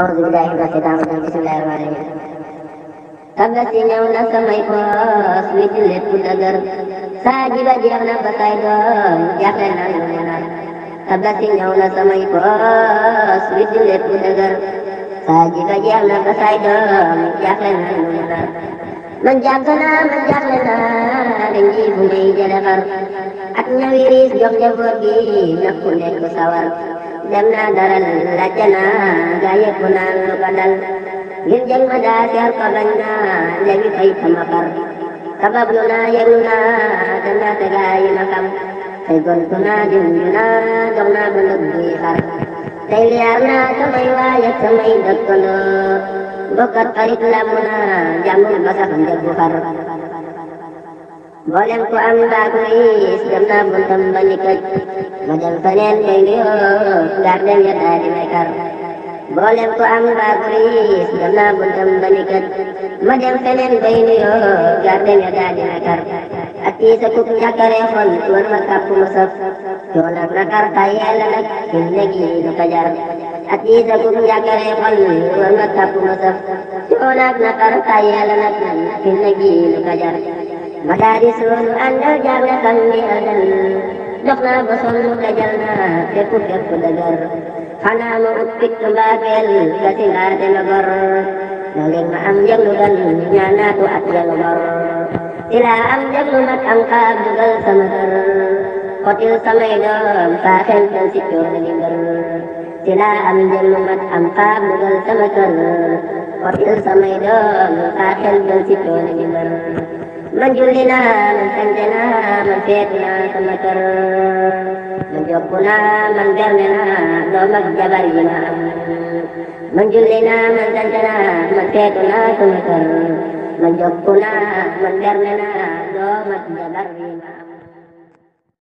أعوذ بالله من الشيطان الرجيم بسم الله الرحمن الرحيم tabbat yi ñëw na samay poos wicc lépp dëgër saa ji ba jeex na ba kay doom jaaxle na lu ne naan tabbat yi ñëw na samay poos wicc lépp dëgër saa ji ba jeex na ba kay doom jaaxle na lu ne naan man jàgg naa man jaaxle naa dañ ji bu may jële xar ak ñawi riis jox njaboot gi na ku nekk sawar dem na daral laajte naa gaa yëpp lu ko dal ma daa teer ko bañ naa léegi fay sama far sabablu naa yeglu naa te ndaxte gaa yi ma xam tey gontu naa junju naa dox naa ba ndëg buy tey liyaar naa samay waaye samay dëkkandoo bokkat xarit làmb naa jàmbul ba sax njëg bu xar mboolem ku am baax riis dem buntam ba nga jël beneen day nuyoo gardé nga daal di may kar mboolem ku am baakuriis dem naa buntam bali kat ma dem feneen day nuyoo may kar ak tiisa kuk njàkkare xol war ma kàpp mu saf coon ak nakar tàyyeel nag fi mu nekk yi du ko jar ak tiisa kuk njàkkare xol war ma kàpp mu saf coon ak nakar tàyyeel nag fi mu nekk yi du ko dox naa ba sonn dajal naa fépp fépp dëgër xanaa ma ut picc mbaabeel ba si laa dema gor doolin ma am njëglu gan ñaanaatu ak jëlu gor si laa am njëglu nag am xaab dugal sama kër xotil samay doom saa xel tan si coono di mbër si laa am njëglu nag am xaab dugal sama kër xotil samay doom saa xel tan si coono di mbër من جلنا من سندنا من فيتنا ثم كر من جبنا من جرمنا دوم جبرينا من جلنا من سندنا من فيتنا ثم كر من جبنا من جرمنا دوم جبرينا